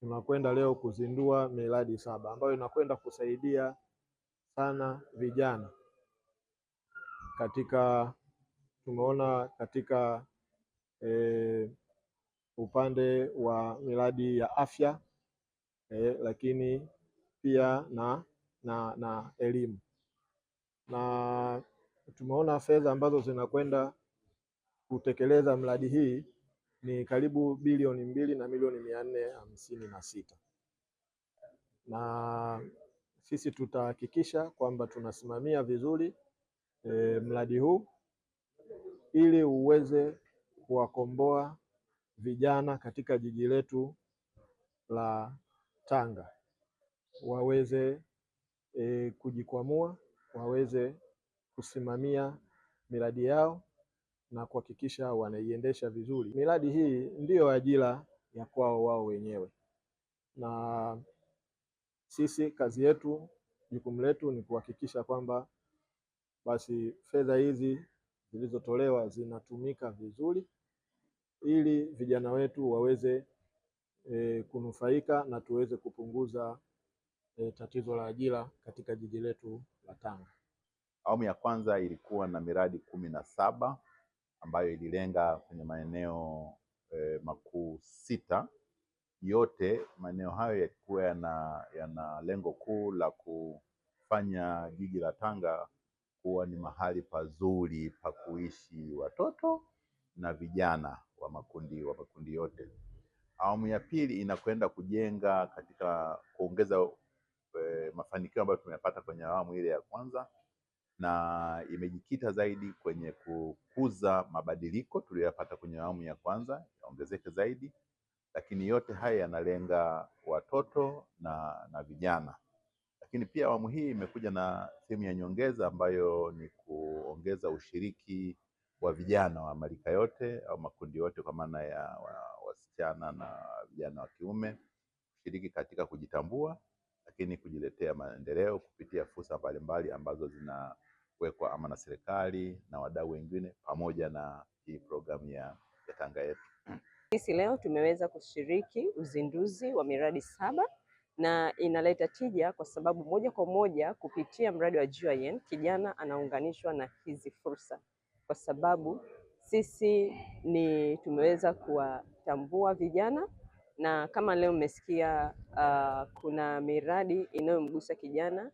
tunakwenda leo kuzindua miradi saba ambayo inakwenda kusaidia sana vijana katika tumeona katika e, upande wa miradi ya afya e, lakini pia na, na, na elimu na tumeona fedha ambazo zinakwenda kutekeleza mradi hii ni karibu bilioni mbili na milioni mia nne hamsini na sita na sisi tutahakikisha kwamba tunasimamia vizuri e, mradi huu ili uweze kuwakomboa vijana katika jiji letu la Tanga waweze e, kujikwamua waweze kusimamia miradi yao na kuhakikisha wanaiendesha vizuri miradi hii, ndiyo ajira ya kwao wao wenyewe. Na sisi kazi yetu, jukumu letu ni kuhakikisha kwamba basi fedha hizi zilizotolewa zinatumika vizuri ili vijana wetu waweze e, kunufaika na tuweze kupunguza e, tatizo la ajira katika jiji letu la Tanga. Awamu ya kwanza ilikuwa na miradi kumi na saba ambayo ililenga kwenye maeneo e, makuu sita. Yote maeneo hayo yalikuwa yana, yana lengo kuu la kufanya jiji la Tanga kuwa ni mahali pazuri pa kuishi watoto na vijana wa makundi wa makundi yote. Awamu ya pili inakwenda kujenga katika kuongeza e, mafanikio ambayo tumeyapata kwenye awamu ile ya kwanza na imejikita zaidi kwenye kukuza mabadiliko tuliyopata kwenye awamu ya kwanza yaongezeke zaidi, lakini yote haya yanalenga watoto na, na vijana. Lakini pia awamu hii imekuja na sehemu ya nyongeza ambayo ni kuongeza ushiriki wa vijana wa marika yote au makundi yote, kwa maana ya wasichana na vijana wa kiume kushiriki katika kujitambua, lakini kujiletea maendeleo kupitia fursa mbalimbali ambazo zina kuwekwa ama na serikali na wadau wengine pamoja na hii programu ya, ya Tanga Yetu. Sisi leo tumeweza kushiriki uzinduzi wa miradi saba na inaleta tija kwa sababu moja kwa moja kupitia mradi wa GIN kijana anaunganishwa na hizi fursa, kwa sababu sisi ni tumeweza kuwatambua vijana na kama leo mmesikia, uh, kuna miradi inayomgusa kijana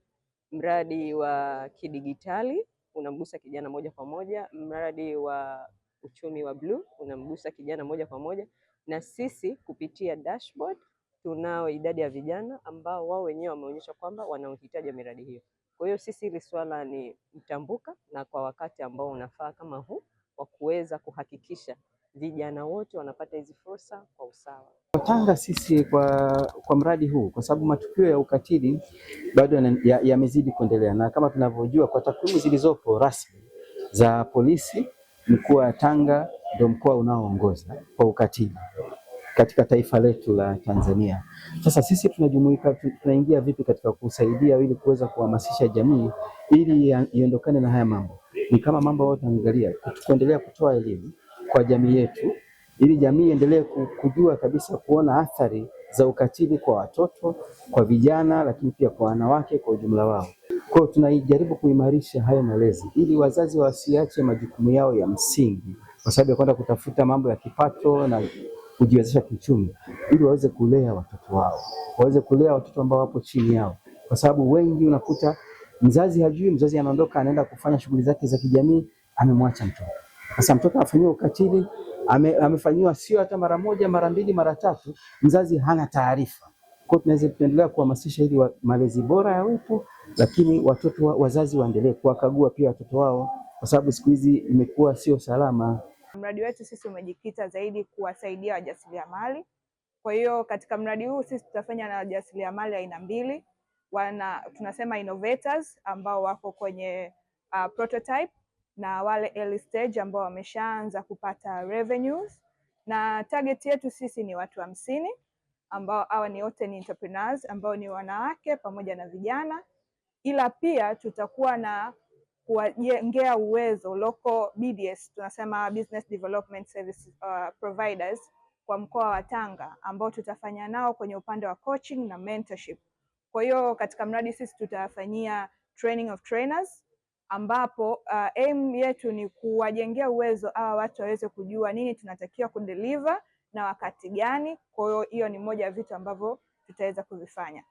mradi wa kidigitali unamgusa kijana moja kwa moja, mradi wa uchumi wa bluu unamgusa kijana moja kwa moja, na sisi kupitia dashboard tunao idadi ya vijana ambao wao wenyewe wameonyesha kwamba wana uhitaji wa miradi hiyo. Kwa hiyo sisi hili swala ni mtambuka na kwa wakati ambao unafaa kama huu wa kuweza kuhakikisha vijana wote wanapata hizi fursa kwa usawa. Tanga sisi kwa, kwa mradi huu kwa sababu matukio ya ukatili bado yamezidi ya kuendelea, na kama tunavyojua kwa takwimu zilizopo rasmi za polisi, mkoa wa Tanga ndio mkoa unaoongoza kwa ukatili katika taifa letu la Tanzania. Sasa sisi tunajumuika, tunaingia vipi katika kusaidia ili kuweza kuhamasisha jamii ili iondokane na haya mambo? Ni kama mambo ambayo tunaangalia kuendelea kutoa elimu kwa jamii yetu, ili jamii endelee kujua kabisa kuona athari za ukatili kwa watoto, kwa vijana, lakini pia kwa wanawake kwa ujumla wao. Kwa hiyo tunajaribu kuimarisha hayo malezi ili wazazi wasiache majukumu yao ya msingi, kwa sababu ya kwenda kutafuta mambo ya kipato na kujiwezesha kiuchumi, ili waweze kulea watoto wao, waweze kulea watoto ambao wapo chini yao, kwa sababu wengi unakuta mzazi hajui, mzazi anaondoka anaenda kufanya shughuli zake za kijamii, amemwacha mtoto. Sasa mtoto afanyiwa ukatili, ame, amefanyiwa sio hata mara moja, mara mbili, mara tatu, mzazi hana taarifa. Kwa tunaweza kuendelea kuhamasisha ili wa, malezi bora yawepo, lakini watoto wa, wazazi waendelee kuwakagua pia watoto wao, kwa sababu siku hizi imekuwa sio salama. Mradi wetu sisi umejikita zaidi kuwasaidia wajasiriamali. Kwa hiyo katika mradi huu sisi tutafanya na wajasiriamali aina mbili, wana tunasema innovators ambao wako kwenye uh, prototype na wale early stage ambao wameshaanza kupata revenues, na target yetu sisi ni watu hamsini ambao hawa ni wote ni entrepreneurs ambao ni wanawake pamoja na vijana, ila pia tutakuwa na kuwajengea uwezo local BDS, tunasema business development service uh, providers kwa mkoa wa Tanga ambao tutafanya nao kwenye upande wa coaching na mentorship. Kwa hiyo katika mradi sisi tutafanyia training of trainers ambapo uh, aim yetu ni kuwajengea uwezo hawa watu waweze kujua nini tunatakiwa kudeliver na wakati gani. Kwa hiyo hiyo ni moja ya vitu ambavyo tutaweza kuvifanya.